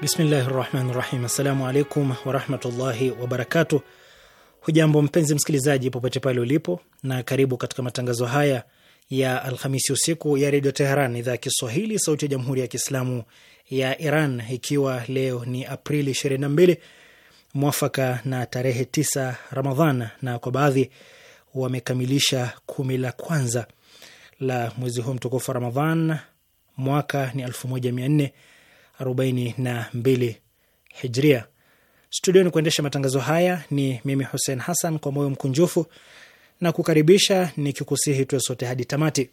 Bismillahi rahmani rahim. Assalamu alaikum warahmatullahi wabarakatu. Hujambo mpenzi msikilizaji, popote pale ulipo, na karibu katika matangazo haya ya Alhamisi usiku ya redio Teheran, idhaa ya Kiswahili, sauti ya jamhuri ya kiislamu ya Iran, ikiwa leo ni Aprili 22 mwafaka na tarehe 9 Ramadhan, na kwa baadhi wamekamilisha kumi la kwanza la mwezi huu mtukufu wa Ramadhan. Mwaka ni 1400 42 hijria. Studio ni kuendesha matangazo haya ni mimi Hussein Hassan, kwa moyo mkunjufu na kukaribisha nikikusihi tuwe sote hadi tamati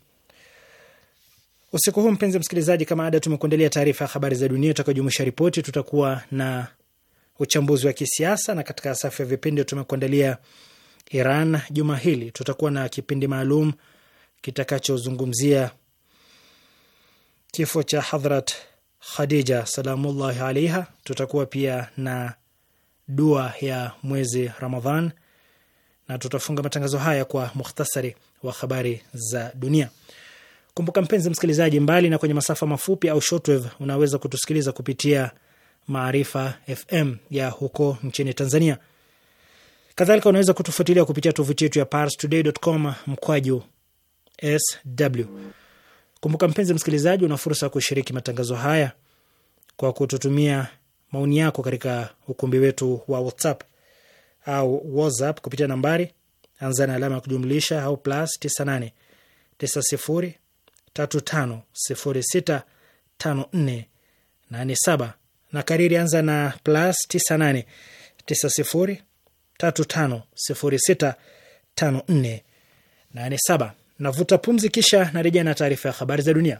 usiku huu. Mpenzi msikilizaji, kama ada, tumekuandalia taarifa ya habari za dunia utakaojumuisha ripoti, tutakuwa na uchambuzi wa kisiasa, na katika safu ya vipindi tumekuandalia Iran juma hili, tutakuwa na kipindi maalum kitakachozungumzia kifo cha Hadhrat Khadija salamullahi alaiha. Tutakuwa pia na dua ya mwezi Ramadhan na tutafunga matangazo haya kwa mukhtasari wa habari za dunia. Kumbuka mpenzi msikilizaji, mbali na kwenye masafa mafupi au shortwave, unaweza kutusikiliza kupitia Maarifa FM ya huko nchini Tanzania. Kadhalika unaweza kutufuatilia kupitia tovuti yetu ya parstoday.com mkwaju sw Kumbuka mpenzi msikilizaji, una fursa ya kushiriki matangazo haya kwa kututumia maoni yako katika ukumbi wetu wa WhatsApp au WhatsApp kupitia nambari anza na alama ya kujumlisha au plus sifuri sita tano nne 54 saba na kariri, anza na plus sifuri sita tano nne 54 saba Navuta pumzi, kisha narejea na taarifa ya habari za dunia.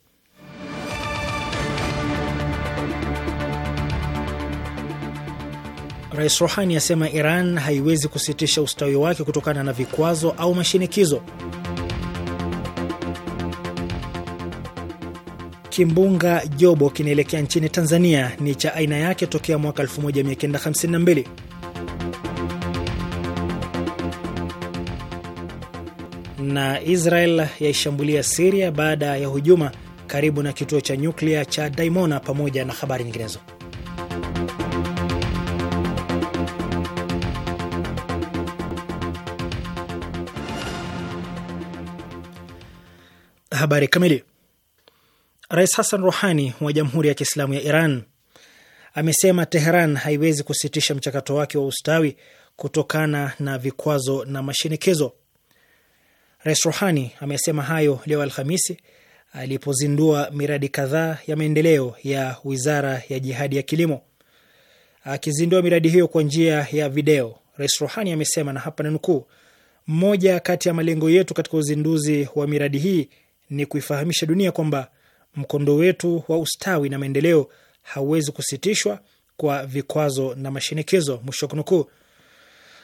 Rais Rohani asema Iran haiwezi kusitisha ustawi wake kutokana na vikwazo au mashinikizo. Kimbunga Jobo kinaelekea nchini Tanzania, ni cha aina yake tokea mwaka 1952. Na Israel yaishambulia Siria baada ya hujuma karibu na kituo cha nyuklia cha Daimona, pamoja na habari nyinginezo. Habari kamili. Rais Hassan Rouhani wa Jamhuri ya Kiislamu ya Iran amesema Teheran haiwezi kusitisha mchakato wake wa ustawi kutokana na vikwazo na mashinikizo. Rais Rouhani amesema hayo leo Alhamisi alipozindua miradi kadhaa ya maendeleo ya wizara ya jihadi ya kilimo. Akizindua miradi hiyo kwa njia ya video, Rais Rouhani amesema, na hapa nanukuu, mmoja kati ya malengo yetu katika uzinduzi wa miradi hii ni kuifahamisha dunia kwamba mkondo wetu wa ustawi na maendeleo hauwezi kusitishwa kwa vikwazo na mashinikizo, mwisho kunukuu.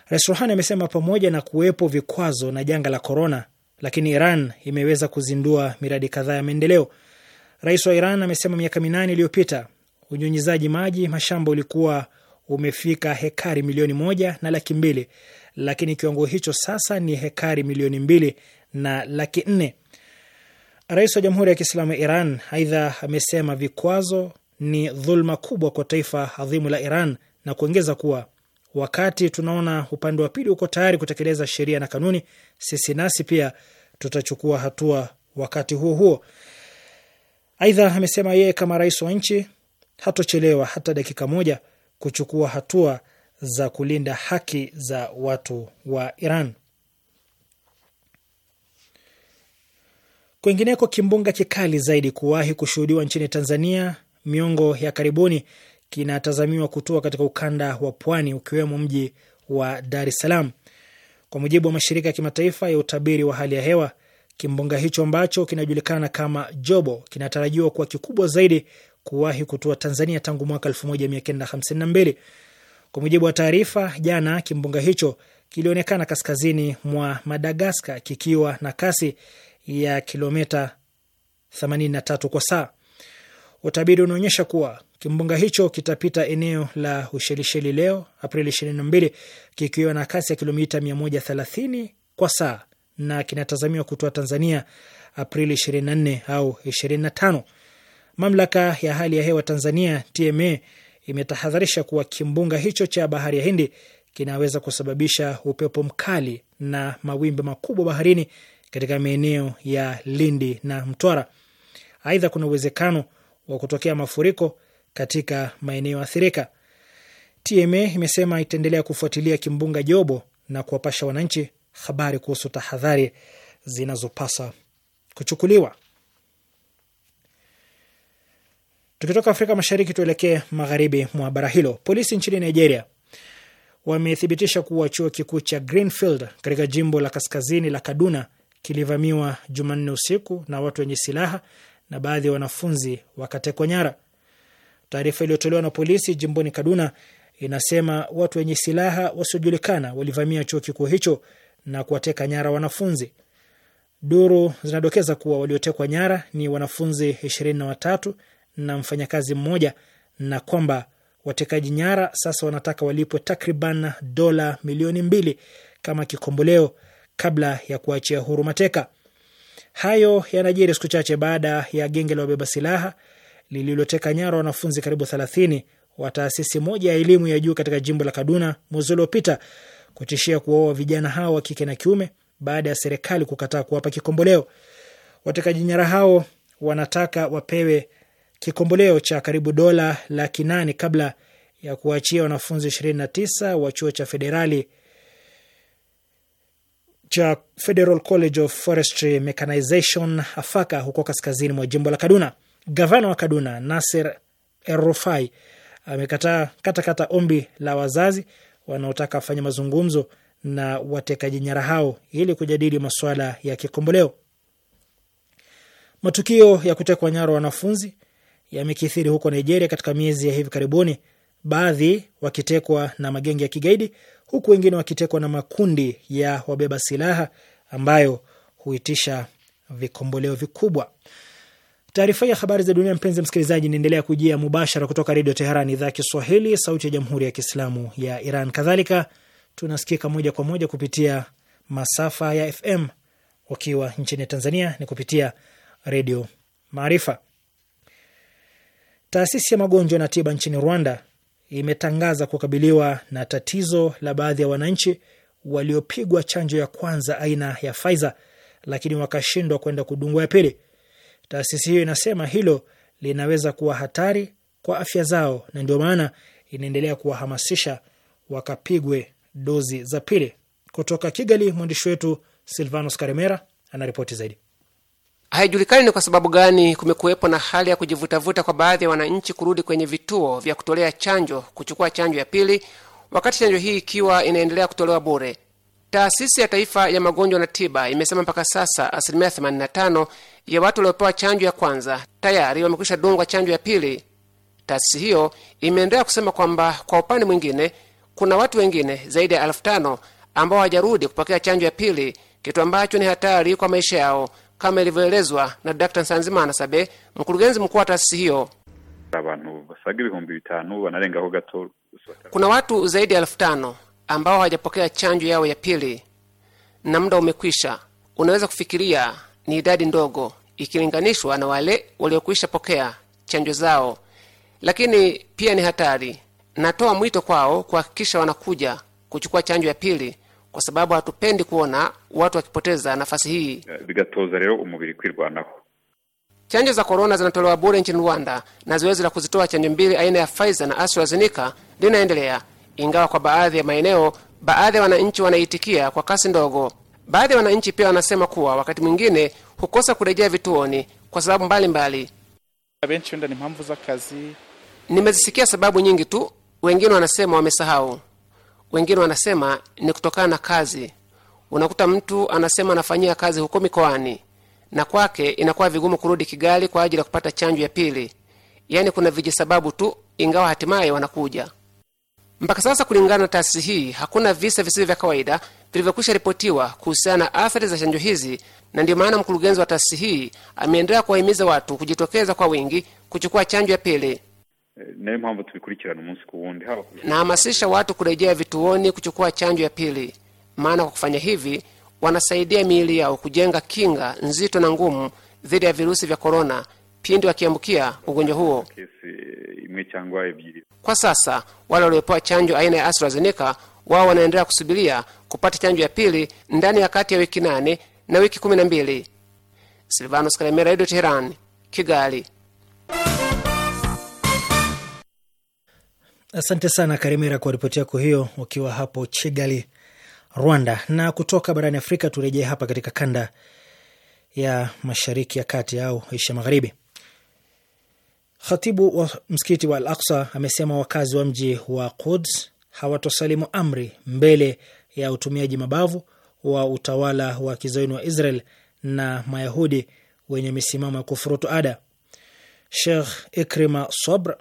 Rais Ruhani amesema pamoja na kuwepo vikwazo na janga la korona, lakini Iran imeweza kuzindua miradi kadhaa ya maendeleo. Rais wa Iran amesema miaka minane iliyopita unyunyizaji maji mashamba ulikuwa umefika hekari milioni moja na laki mbili, lakini kiwango hicho sasa ni hekari milioni mbili na laki nne. Rais wa Jamhuri ya Kiislamu ya Iran aidha amesema vikwazo ni dhulma kubwa kwa taifa adhimu la Iran na kuongeza kuwa wakati tunaona upande wa pili uko tayari kutekeleza sheria na kanuni, sisi nasi pia tutachukua hatua wakati huo huo. Aidha amesema yeye kama rais wa nchi hatochelewa hata dakika moja kuchukua hatua za kulinda haki za watu wa Iran. Kwingineko, kimbunga kikali zaidi kuwahi kushuhudiwa nchini Tanzania miongo ya karibuni kinatazamiwa kutua katika ukanda wa pwani ukiwemo mji wa Dar es Salaam. Kwa mujibu wa mashirika ya kimataifa ya utabiri wa hali ya hewa, kimbunga hicho ambacho kinajulikana kama Jobo kinatarajiwa kuwa kikubwa zaidi kuwahi kutua Tanzania tangu mwaka 1952. Kwa mujibu wa taarifa, jana kimbunga hicho kilionekana kaskazini mwa Madagaskar kikiwa na kasi ya kilomita 83 kwa saa. Utabiri unaonyesha kuwa kimbunga hicho kitapita eneo la Ushelisheli leo Aprili 22 kikiwa na kasi ya kilomita 130 kwa saa na kinatazamiwa kutoa Tanzania Aprili 24 au 25. Mamlaka ya hali ya hewa Tanzania TMA imetahadharisha kuwa kimbunga hicho cha bahari ya Hindi kinaweza kusababisha upepo mkali na mawimbi makubwa baharini katika maeneo ya Lindi na Mtwara. Aidha, kuna uwezekano wa kutokea mafuriko katika maeneo athirika. TMA imesema itaendelea kufuatilia kimbunga Jobo na kuwapasha wananchi habari kuhusu tahadhari zinazopasa kuchukuliwa. Tukitoka Afrika Mashariki, tuelekee magharibi mwa bara hilo. Polisi nchini Nigeria wamethibitisha kuwa chuo kikuu cha Greenfield katika jimbo la kaskazini la Kaduna kilivamiwa Jumanne usiku na watu wenye silaha na baadhi ya wanafunzi wakatekwa nyara. Taarifa iliyotolewa na polisi jimboni Kaduna inasema watu wenye silaha wasiojulikana walivamia chuo kikuu hicho na kuwateka nyara wanafunzi. Duru zinadokeza kuwa waliotekwa nyara ni wanafunzi ishirini na watatu na mfanyakazi mmoja na kwamba watekaji nyara sasa wanataka walipwe takriban dola milioni mbili kama kikomboleo kabla ya kuachia huru mateka. Hayo yanajiri siku chache baada ya genge la wabeba silaha lililoteka nyara wanafunzi karibu 30 wa taasisi moja ya elimu ya juu katika jimbo la Kaduna mwezi uliopita kutishia kuwaoa vijana hao wa kike na kiume baada ya serikali kukataa kuwapa kikomboleo. Watekaji nyara hao wanataka wapewe kikomboleo cha karibu dola laki nane kabla ya kuachia wanafunzi 29 wa chuo cha federali cha Federal College of Forestry Mechanization Afaka huko kaskazini mwa jimbo la Kaduna. Gavana wa Kaduna Nasir erufai amekataa katakata ombi la wazazi wanaotaka wafanya mazungumzo na watekaji nyara hao ili kujadili masuala ya kikomboleo. Matukio ya kutekwa nyara wanafunzi yamekithiri huko Nigeria katika miezi ya hivi karibuni baadhi wakitekwa na magenge ya kigaidi huku wengine wakitekwa na makundi ya wabeba silaha ambayo huitisha vikomboleo vikubwa. Taarifa ya habari za dunia, mpenzi msikilizaji, inaendelea kujia mubashara kutoka Redio Teheran, idhaa ya Kiswahili, sauti ya jamhuri ya kiislamu ya Iran. Kadhalika tunasikika moja kwa moja kupitia masafa ya FM. Ukiwa nchini Tanzania ni kupitia Redio Maarifa. Taasisi ya magonjwa na tiba nchini Rwanda imetangaza kukabiliwa na tatizo la baadhi ya wananchi waliopigwa chanjo ya kwanza aina ya Pfizer lakini wakashindwa kwenda kudungwa ya pili. Taasisi hiyo inasema hilo linaweza kuwa hatari kwa afya zao na ndio maana inaendelea kuwahamasisha wakapigwe dozi za pili. Kutoka Kigali, mwandishi wetu Silvanos Karemera anaripoti zaidi. Haijulikani ni kwa sababu gani kumekuwepo na hali ya kujivutavuta kwa baadhi ya wananchi kurudi kwenye vituo vya kutolea chanjo kuchukua chanjo ya pili, wakati chanjo hii ikiwa inaendelea kutolewa bure. Taasisi ya Taifa ya Magonjwa na Tiba imesema mpaka sasa asilimia 85 ya watu waliopewa chanjo ya kwanza tayari wamekwisha dungwa chanjo ya pili. Taasisi hiyo imeendelea kusema kwamba kwa upande mwingine kuna watu wengine zaidi ya elfu tano ambao hawajarudi kupokea chanjo ya pili, kitu ambacho ni hatari kwa maisha yao kama ilivyoelezwa na Dr. Nsanzimana Sabe, mkurugenzi mkuu wa taasisi hiyo. Kuna watu zaidi ya elfu tano ambao hawajapokea chanjo yao ya pili na muda umekwisha. Unaweza kufikiria ni idadi ndogo ikilinganishwa na wale waliokwisha pokea chanjo zao, lakini pia ni hatari. Natoa mwito kwao kuhakikisha wanakuja kuchukua chanjo ya pili kwa sababu hatupendi kuona watu wakipoteza nafasi hii. Eh, bigatoza rero umubiri kwirwanaho. Chanjo za korona zinatolewa bure nchini Rwanda na zoezi la kuzitoa chanjo mbili aina ya Pfizer na AstraZeneca linaendelea, ingawa kwa baadhi ya maeneo, baadhi ya wananchi wanaitikia kwa kasi ndogo. Baadhi ya wananchi pia wanasema kuwa wakati mwingine hukosa kurejea vituoni kwa sababu mbalimbali. Nimezisikia sababu nyingi tu, wengine wanasema wamesahau wengine wanasema ni kutokana na kazi. Unakuta mtu anasema anafanyia kazi huko mikoani na kwake inakuwa vigumu kurudi Kigali kwa ajili ya kupata chanjo ya pili. Yaani kuna vijisababu tu, ingawa hatimaye wanakuja. Mpaka sasa, kulingana na taasisi hii, hakuna visa visivyo vya kawaida vilivyokwisha ripotiwa kuhusiana na athari za chanjo hizi, na ndiyo maana mkurugenzi wa taasisi hii ameendelea kuwahimiza watu kujitokeza kwa wingi kuchukua chanjo ya pili. Eh, nayo mpamvu tubikurikirana umunsi ku wundi. Nahamasisha watu kurejea vituoni kuchukua chanjo ya pili, maana kwa kufanya hivi wanasaidia miili yao kujenga kinga nzito na ngumu dhidi ya virusi vya korona pindi wakiambukia ugonjwa huo. Eh, kwa sasa wale waliopewa chanjo aina ya AstraZeneca wao wanaendelea kusubiria kupata chanjo ya pili ndani ya kati ya wiki nane na wiki kumi na mbili. Silvanos Kalemera, edo Teherani, Kigali. Asante sana Karimera kwa ripoti yako hiyo, ukiwa hapo Chigali, Rwanda. Na kutoka barani Afrika turejee hapa katika kanda ya mashariki ya kati au Asia Magharibi. Khatibu wa msikiti wa Al Aksa amesema wakazi wa mji wa Quds hawatosalimu amri mbele ya utumiaji mabavu wa utawala wa kizayuni wa Israel na Mayahudi wenye misimamo ya kufurutu ada. shekh Ikrima sobr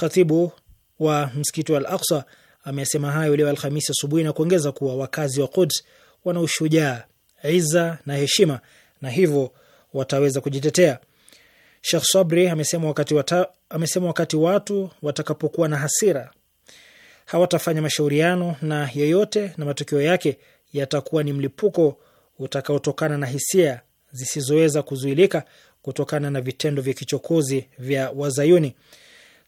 khatibu wa msikiti wa Al Aksa amesema hayo leo Alhamisi asubuhi na kuongeza kuwa wakazi wa Quds wana ushujaa, iza na heshima na hivyo wataweza kujitetea. Sheikh Sabri amesema wakati, wata, amesema wakati watu watakapokuwa na hasira hawatafanya mashauriano na yeyote na matokeo yake yatakuwa ni mlipuko utakaotokana na hisia zisizoweza kuzuilika kutokana na vitendo vya kichokozi vya Wazayuni.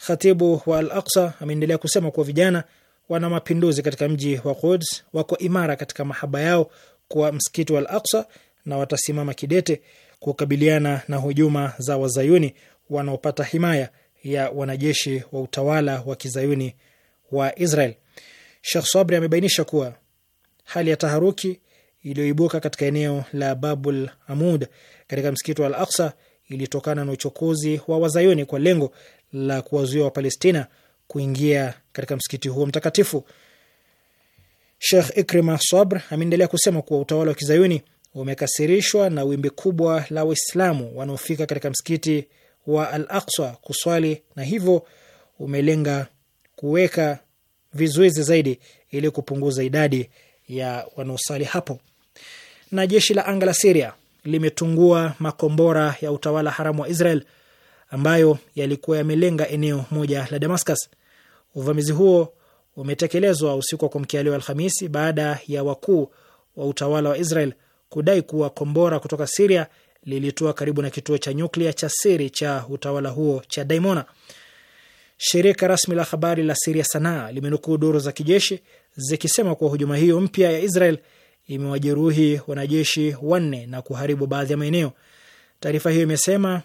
Khatibu wa Al Aksa ameendelea kusema kuwa vijana wana mapinduzi katika mji wa Quds wako imara katika mahaba yao kwa msikiti wa Al Aksa na watasimama kidete kukabiliana na hujuma za wazayuni wanaopata himaya ya wanajeshi wa utawala wa kizayuni wa Israel. Shekh Sabri amebainisha kuwa hali ya taharuki iliyoibuka katika eneo la Babul Amud katika msikiti wa Al Aksa ilitokana na uchokozi wa wazayuni kwa lengo la kuwazuia Wapalestina kuingia katika msikiti huo mtakatifu. Sheikh Ikrima Sabr ameendelea kusema kuwa utawala wa kizayuni umekasirishwa na wimbi kubwa la Waislamu wanaofika katika msikiti wa Al Aqsa kuswali na hivyo umelenga kuweka vizuizi zaidi ili kupunguza idadi ya wanaosali hapo. Na jeshi la anga la Siria limetungua makombora ya utawala haramu wa Israel ambayo yalikuwa yamelenga eneo moja la Damascus. Uvamizi huo umetekelezwa usiku wa kuamkia leo Alhamisi baada ya wakuu wa utawala wa Israel kudai kuwa kombora kutoka Siria lilitua karibu na kituo cha nyuklia cha siri cha utawala huo cha Daimona. Shirika rasmi la habari la Siria Sanaa limenukuu duru za kijeshi zikisema kuwa hujuma hiyo mpya ya Israel imewajeruhi wanajeshi wanne na kuharibu baadhi ya maeneo. Taarifa hiyo imesema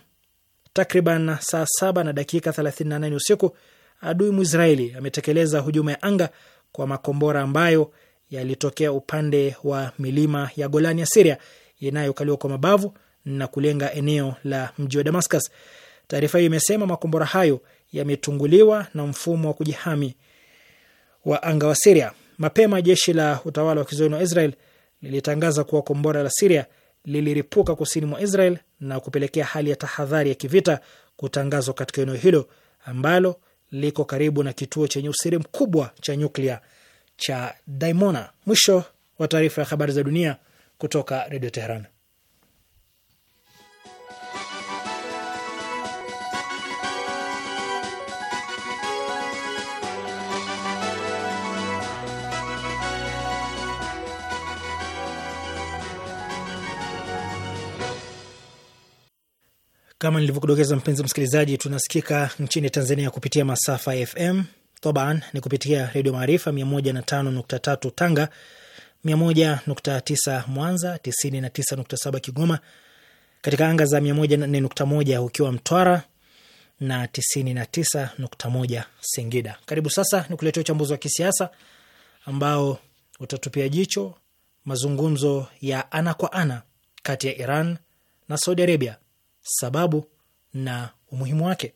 Takriban saa saba na dakika 38 usiku, adui Mwisraeli ametekeleza hujuma ya anga kwa makombora ambayo yalitokea upande wa milima ya Golani ya Siria inayokaliwa kwa mabavu na kulenga eneo la mji wa Damascus. Taarifa hiyo imesema makombora hayo yametunguliwa na mfumo wa kujihami wa anga wa Siria. Mapema jeshi la utawala wa kizoni wa Israel lilitangaza kuwa kombora la Siria liliripuka kusini mwa Israel na kupelekea hali ya tahadhari ya kivita kutangazwa katika eneo hilo ambalo liko karibu na kituo chenye usiri mkubwa cha nyuklia cha Daimona. Mwisho wa taarifa ya habari za dunia kutoka Redio Teheran. Kama nilivyokudokeza mpenzi msikilizaji, tunasikika nchini Tanzania kupitia masafa ya FM toban ni kupitia Redio Maarifa 105.3 Tanga, 101.9 Mwanza, 99.7 Kigoma, katika anga za 104.1 ukiwa Mtwara na 99.1 Singida. Karibu sasa ni kuletea uchambuzi wa kisiasa ambao utatupia jicho mazungumzo ya ana kwa ana kati ya Iran na Saudi Arabia sababu na umuhimu wake.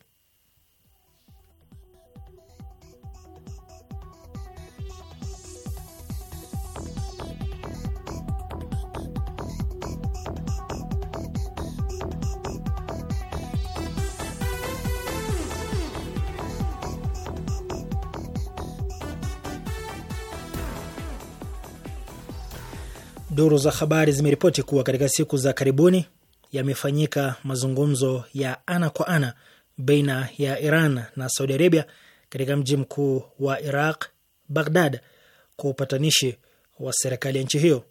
Duru za habari zimeripoti kuwa katika siku za karibuni yamefanyika mazungumzo ya ana kwa ana baina ya Iran na Saudi Arabia katika mji mkuu wa Iraq, Baghdad, kwa upatanishi wa serikali ya nchi hiyo.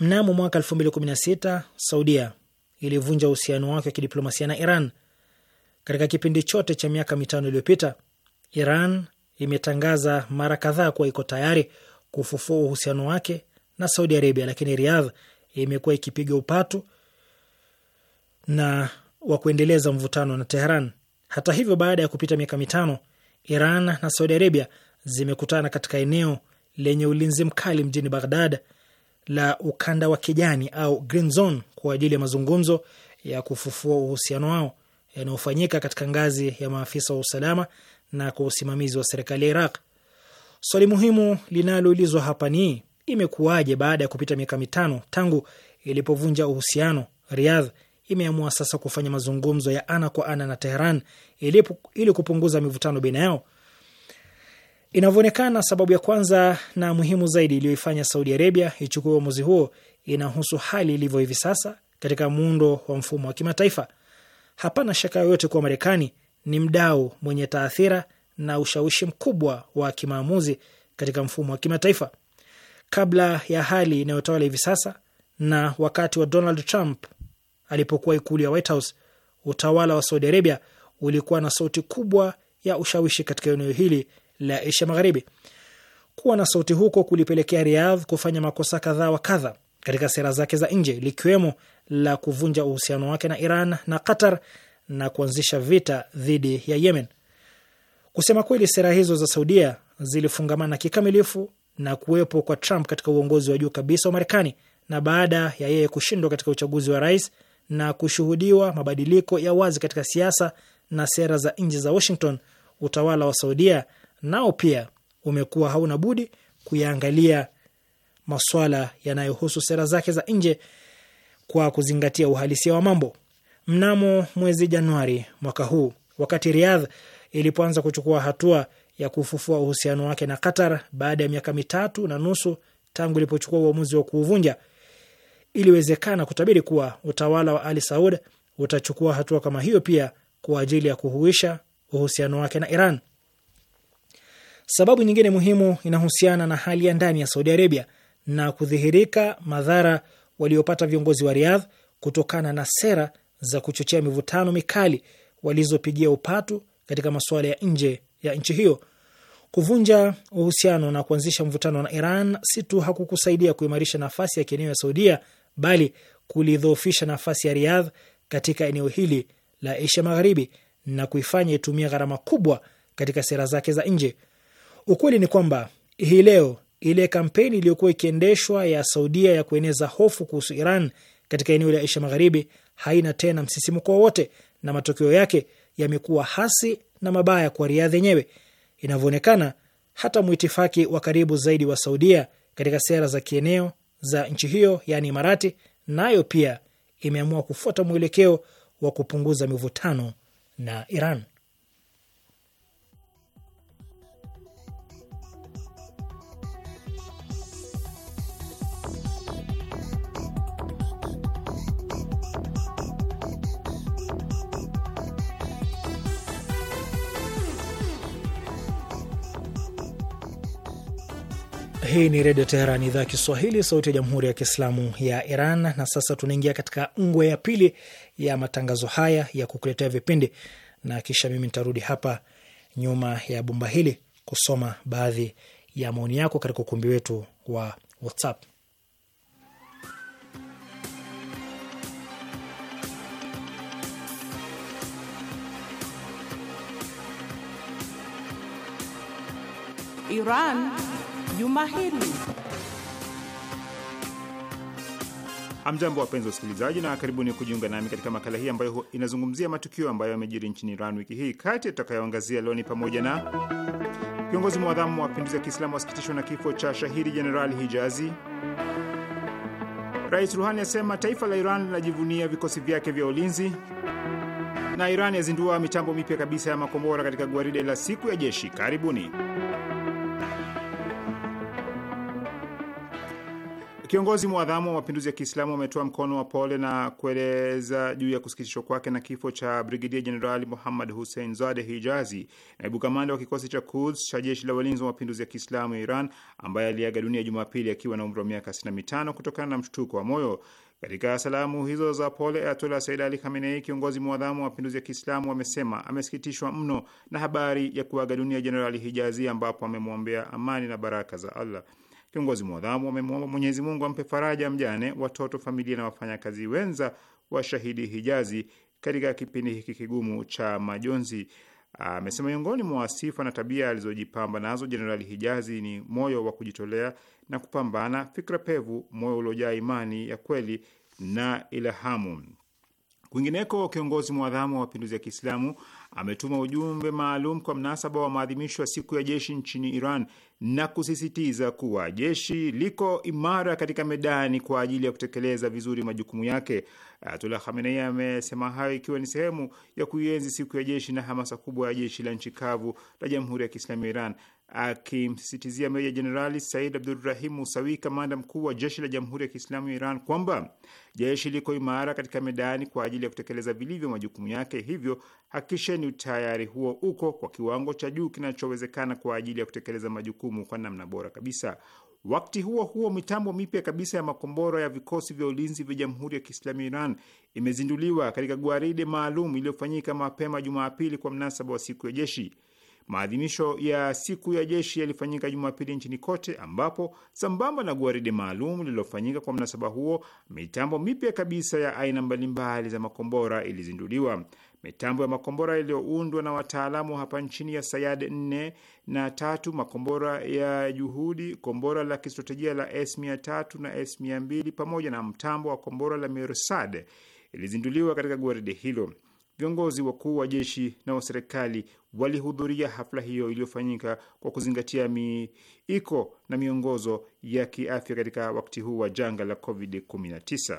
Mnamo mwaka 2016 Saudia ilivunja uhusiano wake wa kidiplomasia na Iran. Katika kipindi chote cha miaka mitano iliyopita, Iran imetangaza mara kadhaa kuwa iko tayari kufufua uhusiano wake na Saudi Arabia, lakini Riyadh imekuwa ikipiga upatu na wa kuendeleza mvutano na Teheran. Hata hivyo, baada ya kupita miaka mitano, Iran na Saudi Arabia zimekutana katika eneo lenye ulinzi mkali mjini Baghdad la ukanda wa kijani au Green Zone kwa ajili ya mazungumzo ya kufufua uhusiano wao yanayofanyika katika ngazi ya maafisa wa usalama na kwa usimamizi wa serikali ya Iraq. Swali muhimu linaloulizwa hapa ni imekuwaje baada ya kupita miaka mitano tangu ilipovunja uhusiano Riyadh imeamua sasa kufanya mazungumzo ya ana kwa ana na Teheran ili kupunguza mivutano baina yao. Inavyoonekana, sababu ya kwanza na muhimu zaidi iliyoifanya Saudi Arabia ichukue uamuzi huo inahusu hali ilivyo hivi sasa katika muundo wa mfumo wa kimataifa. Hapana shaka yoyote kuwa Marekani ni mdau mwenye taathira na ushawishi mkubwa wa kimaamuzi katika mfumo wa kimataifa. Kabla ya hali inayotawala hivi sasa na wakati wa Donald Trump alipokuwa ikulu ya White House, utawala wa Saudi Arabia ulikuwa na sauti kubwa ya ushawishi katika eneo hili la Asia Magharibi. Kuwa na sauti huko kulipelekea Riyadh kufanya makosa kadha wa kadha katika sera zake za nje, likiwemo la kuvunja uhusiano wake na Iran na Qatar na kuanzisha vita dhidi ya Yemen. Kusema kweli, sera hizo za Saudia zilifungamana kikamilifu na kuwepo kwa Trump katika uongozi wa juu kabisa wa Marekani, na baada ya yeye kushindwa katika uchaguzi wa rais na kushuhudiwa mabadiliko ya wazi katika siasa na sera za nje za Washington, utawala wa Saudia nao pia umekuwa hauna budi kuyaangalia maswala yanayohusu sera zake za nje kwa kuzingatia uhalisia wa mambo. Mnamo mwezi Januari mwaka huu, wakati Riyadh ilipoanza kuchukua hatua ya kufufua uhusiano wake na Qatar baada ya miaka mitatu na nusu tangu ilipochukua uamuzi wa kuuvunja, iliwezekana kutabiri kuwa utawala wa Ali Saud utachukua hatua kama hiyo pia kwa ajili ya kuhuisha uhusiano wake na Iran. Sababu nyingine muhimu inahusiana na hali ya ndani ya Saudi Arabia na kudhihirika madhara waliopata viongozi wa Riyadh kutokana na sera za kuchochea mivutano mikali walizopigia upatu katika masuala ya nje ya nchi hiyo. Kuvunja uhusiano na kuanzisha mvutano na Iran si tu hakukusaidia kuimarisha nafasi ya kieneo ya Saudia bali kulidhoofisha nafasi ya Riyadh katika eneo hili la Asia Magharibi na kuifanya itumia gharama kubwa katika sera zake za nje. Ukweli ni kwamba hii leo ile kampeni iliyokuwa ikiendeshwa ya Saudia ya kueneza hofu kuhusu Iran katika eneo la Asia Magharibi haina tena msisimko wowote, na matokeo yake yamekuwa hasi na mabaya kwa Riadha yenyewe. Inavyoonekana, hata mwitifaki wa karibu zaidi wa Saudia katika sera za kieneo za nchi hiyo yaani Imarati, nayo pia imeamua kufuata mwelekeo wa kupunguza mivutano na Iran. Hii ni Redio Teheran, idhaa ya Kiswahili, sauti ya Jamhuri ya Kiislamu ya Iran. Na sasa tunaingia katika ngwe ya pili ya matangazo haya ya kukuletea vipindi, na kisha mimi nitarudi hapa nyuma ya bomba hili kusoma baadhi ya maoni yako katika ukumbi wetu wa WhatsApp. Iran juma hili. Amjambo, wapenzi wa usikilizaji, na karibuni kujiunga nami katika makala hii ambayo inazungumzia matukio ambayo yamejiri nchini Iran wiki hii. Kati ya tutakayoangazia leo ni pamoja na kiongozi mwadhamu wa mapinduzi ya Kiislamu wasikitishwa na kifo cha shahidi Jenerali Hijazi, Rais Ruhani asema taifa la Iran linajivunia vikosi vyake vya ulinzi, na Iran yazindua mitambo mipya kabisa ya makombora katika gwaride la siku ya jeshi. Karibuni. Kiongozi mwadhamu wa mapinduzi ya Kiislamu ametoa mkono wa pole na kueleza juu ya kusikitishwa kwake na kifo cha Brigedia Jenerali Muhammad Hussein Zade Hijazi, naibu kamanda wa kikosi cha Quds cha jeshi la walinzi wa mapinduzi ya Kiislamu ya Iran, ambaye aliaga dunia Jumapili akiwa na umri wa miaka 65 kutokana na mshtuko wa moyo. Katika salamu hizo za pole, Ayatollah Said Ali Khamenei, kiongozi mwadhamu wa mapinduzi ya Kiislamu, amesema amesikitishwa mno na habari ya kuaga dunia Jenerali Hijazi, ambapo amemwombea amani na baraka za Allah. Kiongozi mwadhamu amemwomba Mwenyezi Mungu ampe faraja mjane, watoto, familia na wafanyakazi wenza wa shahidi Hijazi katika kipindi hiki kigumu cha majonzi. Amesema miongoni mwa sifa na tabia alizojipamba nazo Jenerali Hijazi ni moyo wa kujitolea na kupambana, fikra pevu, moyo uliojaa imani ya kweli na ilhamu. Kwingineko, kiongozi mwadhamu wa mapinduzi ya Kiislamu ametuma ujumbe maalum kwa mnasaba wa maadhimisho ya siku ya jeshi nchini Iran na kusisitiza kuwa jeshi liko imara katika medani kwa ajili ya kutekeleza vizuri majukumu yake. Ayatullah Khamenei amesema hayo ikiwa ni sehemu ya kuienzi siku ya jeshi na hamasa kubwa ya jeshi la nchi kavu la Jamhuri ya Kiislamu ya Iran akimsisitizia Meja Jenerali Said Abdurrahim Musawi, kamanda mkuu wa jeshi la Jamhuri ya Kiislamu ya Iran, kwamba jeshi liko imara katika medani kwa ajili ya kutekeleza vilivyo majukumu yake. Hivyo hakikisheni utayari huo uko kwa kiwango cha juu kinachowezekana kwa ajili ya kutekeleza majukumu kwa namna bora kabisa. Wakati huo huo, mitambo mipya kabisa ya makombora ya vikosi vya ulinzi vya Jamhuri ya Kiislamu ya Iran imezinduliwa katika gwaride maalum iliyofanyika mapema Jumapili kwa mnasaba wa siku ya jeshi. Maadhimisho ya siku ya jeshi yalifanyika Jumapili nchini kote, ambapo sambamba na gwaride maalum lililofanyika kwa mnasaba huo, mitambo mipya kabisa ya aina mbalimbali za makombora ilizinduliwa. Mitambo ya makombora yaliyoundwa na wataalamu hapa nchini ya Sayad nne na tatu, makombora ya Juhudi, kombora la kistratejia la S mia tatu na S mia mbili pamoja na mtambo wa kombora la Mirsad ilizinduliwa katika gwaride hilo. Viongozi wakuu wa jeshi na wa serikali walihudhuria hafla hiyo iliyofanyika kwa kuzingatia miiko na miongozo ya kiafya katika wakati huu wa janga la COVID-19.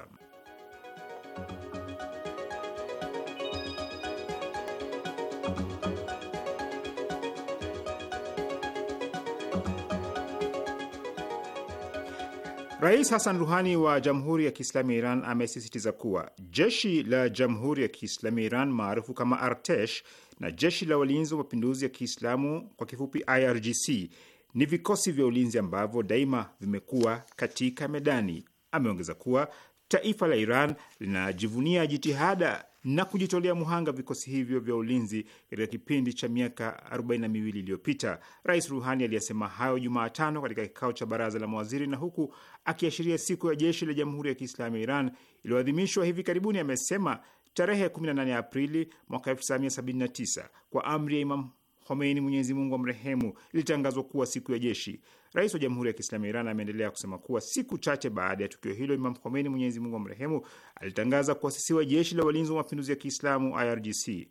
Rais Hasan Ruhani wa Jamhuri ya Kiislamu ya Iran amesisitiza kuwa jeshi la Jamhuri ya Kiislamu ya Iran maarufu kama Artesh na jeshi la walinzi wa mapinduzi ya Kiislamu kwa kifupi IRGC ni vikosi vya ulinzi ambavyo daima vimekuwa katika medani. Ameongeza kuwa Taifa la Iran linajivunia jitihada na kujitolea muhanga vikosi hivyo vya ulinzi katika kipindi cha miaka 42 iliyopita. Rais Ruhani aliyesema hayo Jumatano katika kikao cha baraza la mawaziri, na huku akiashiria siku ya jeshi la jamhuri ya Kiislamu ya Iran iliyoadhimishwa hivi karibuni, amesema tarehe 18 Aprili mwaka 1979 kwa amri ya Imam Khomeini, Mwenyezi Mungu amrehemu, ilitangazwa kuwa siku ya jeshi. Rais wa Jamhuri ya Kiislamu ya Iran ameendelea kusema kuwa siku chache baada ya tukio hilo, Imam Khomeini, Mwenyezi Mungu amrehemu, alitangaza kuasisiwa jeshi la walinzi wa mapinduzi ya Kiislamu, IRGC.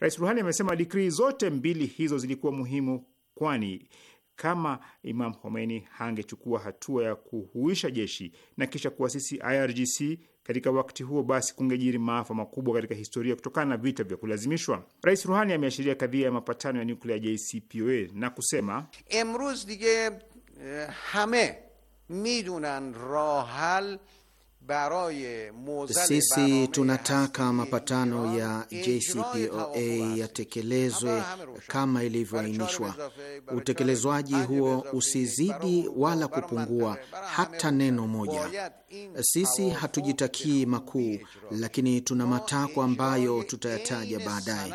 Rais Ruhani amesema dikrii zote mbili hizo zilikuwa muhimu, kwani kama Imam Khomeini hangechukua hatua ya kuhuisha jeshi na kisha kuasisi IRGC katika wakati huo, basi kungejiri maafa makubwa katika historia kutokana na vita vya kulazimishwa. Rais Ruhani ameashiria kadhia ya mapatano ya nyuklia JCPOA na kusema emruz dige eh, hame midunan rohal sisi tunataka mapatano ya JCPOA yatekelezwe kama ilivyoainishwa. Utekelezwaji huo usizidi wala kupungua hata neno moja. Sisi hatujitakii makuu, lakini tuna matakwa ambayo tutayataja baadaye.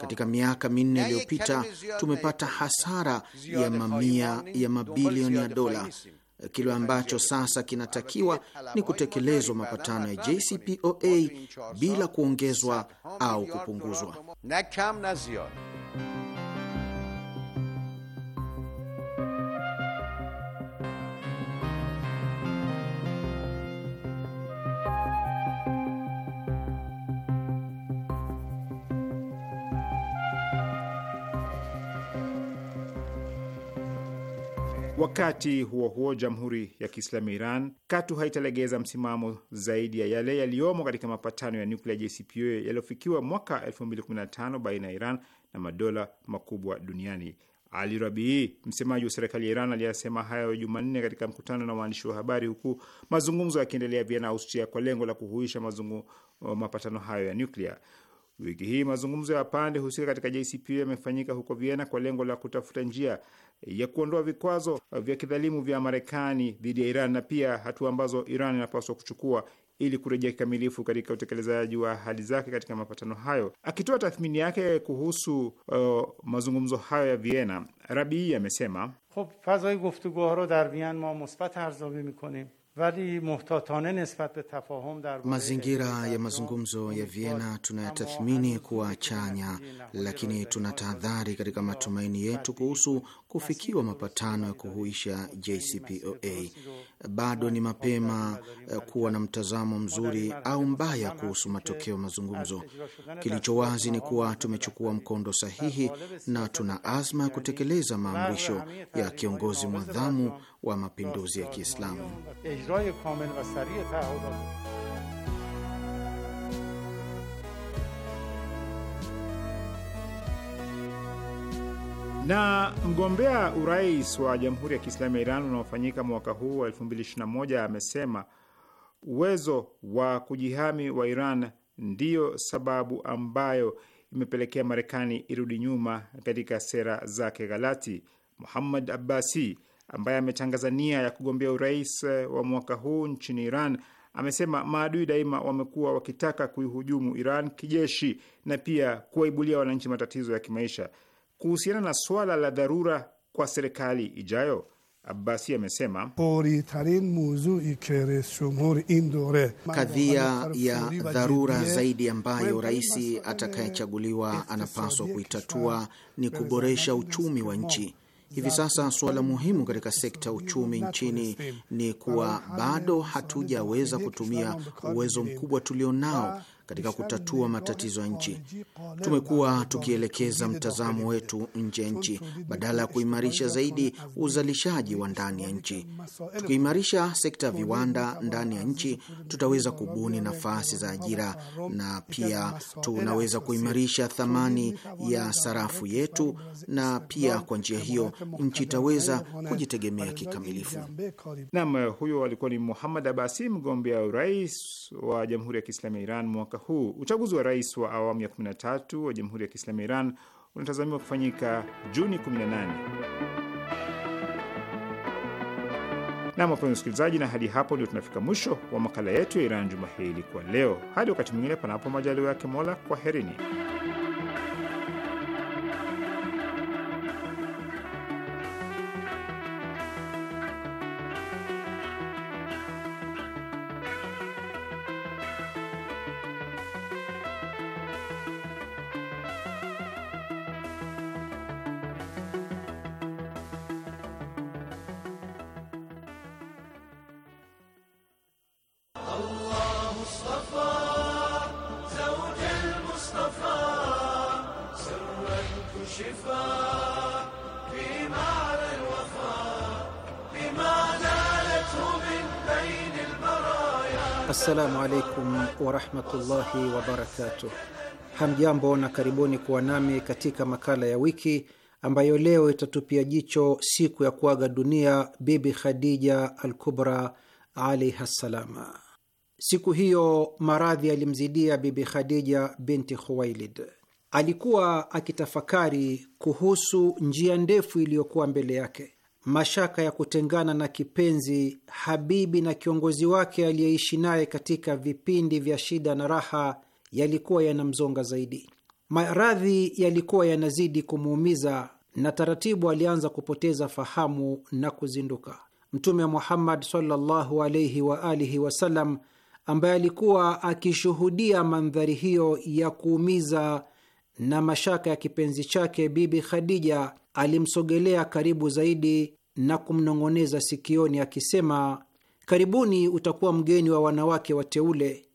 Katika miaka minne iliyopita tumepata hasara ya mamia ya mabilioni ya dola Kile ambacho sasa kinatakiwa ni kutekelezwa mapatano ya JCPOA bila kuongezwa au kupunguzwa. Wakati huo huo, Jamhuri ya Kiislamu ya Iran katu haitalegeza msimamo zaidi ya yale yaliyomo katika mapatano ya nuklia JCPOA yaliyofikiwa mwaka 2015 baina ya Iran na madola makubwa duniani. Ali Rabii, msemaji wa serikali ya Iran, aliyasema hayo Jumanne katika mkutano na waandishi wa habari, huku mazungumzo yakiendelea Vienna, Austria, kwa lengo la kuhuisha uh, mapatano hayo ya nuklia. Wiki hii mazungumzo ya pande husika katika JCPOA yamefanyika huko Vienna kwa lengo la kutafuta njia ya kuondoa vikwazo vya kidhalimu vya Marekani dhidi ya Iran na pia hatua ambazo Iran inapaswa kuchukua ili kurejea kikamilifu katika utekelezaji wa ahadi zake katika mapatano hayo. Akitoa tathmini yake kuhusu uh, mazungumzo hayo ya Vienna, Rabii amesema: fazai guftuguh ro dar Vienna ma musbat arzobi mikonim Mazingira ya mazungumzo ya Vienna tunayatathmini kuwa chanya, lakini tuna tahadhari katika matumaini yetu kuhusu kufikiwa mapatano ya kuhuisha JCPOA. Bado ni mapema kuwa na mtazamo mzuri au mbaya kuhusu matokeo ya mazungumzo. Kilicho wazi ni kuwa tumechukua mkondo sahihi na tuna azma ya kutekeleza maamrisho ya kiongozi mwadhamu wa mapinduzi ya Kiislamu. Na mgombea urais wa Jamhuri ya Kiislamu ya Iran unaofanyika mwaka huu wa 2021 amesema uwezo wa kujihami wa Iran ndiyo sababu ambayo imepelekea Marekani irudi nyuma katika sera zake ghalati. Muhammad Abbasi ambaye ametangaza nia ya kugombea urais eh, wa mwaka huu nchini Iran amesema maadui daima wamekuwa wakitaka kuihujumu Iran kijeshi na pia kuwaibulia wananchi matatizo ya kimaisha. Kuhusiana na swala la dharura kwa serikali ijayo, Abbasi amesema kadhia ya dharura zaidi ambayo rais atakayechaguliwa anapaswa kuitatua ni kuboresha uchumi wa nchi Hivi sasa suala muhimu katika sekta uchumi nchini ni kuwa bado hatujaweza kutumia uwezo mkubwa tulionao katika kutatua matatizo ya nchi. Tumekuwa tukielekeza mtazamo wetu nje ya nchi badala ya kuimarisha zaidi uzalishaji wa ndani ya nchi. Tukiimarisha sekta ya viwanda ndani ya nchi, tutaweza kubuni nafasi za ajira na pia tunaweza kuimarisha thamani ya sarafu yetu, na pia kwa njia hiyo nchi itaweza kujitegemea kikamilifu. Nam, huyo alikuwa ni Muhamad Abasi, mgombea urais wa Jamhuri ya Kiislamu ya Iran mwaka mwaka huu. Uchaguzi wa rais wa awamu ya 13 wa Jamhuri ya Kiislamu ya Iran unatazamiwa kufanyika Juni 18. Nam, wapenzi wasikilizaji, na hadi hapo ndio tunafika mwisho wa makala yetu ya Iran juma hili kwa leo. Hadi wakati mwingine, panapo majaliwa yake Mola, kwaherini. الشفاء بمعنى الوفاء بما Hamjambo na karibuni kuwa nami katika makala ya wiki ambayo leo itatupia jicho siku ya kuaga dunia Bibi Khadija alkubra kubra alaiha ssalama. Siku hiyo maradhi yalimzidia Bibi Khadija binti Khuwailid. Alikuwa akitafakari kuhusu njia ndefu iliyokuwa mbele yake, mashaka ya kutengana na kipenzi, habibi na kiongozi wake aliyeishi naye katika vipindi vya shida na raha yalikuwa yanamzonga zaidi. Maradhi yalikuwa yanazidi kumuumiza, na taratibu alianza kupoteza fahamu na kuzinduka. Mtume Muhammad sallallahu alaihi wa alihi wasallam, ambaye alikuwa akishuhudia mandhari hiyo ya kuumiza na mashaka ya kipenzi chake Bibi Khadija, alimsogelea karibu zaidi na kumnong'oneza sikioni akisema, karibuni utakuwa mgeni wa wanawake wateule,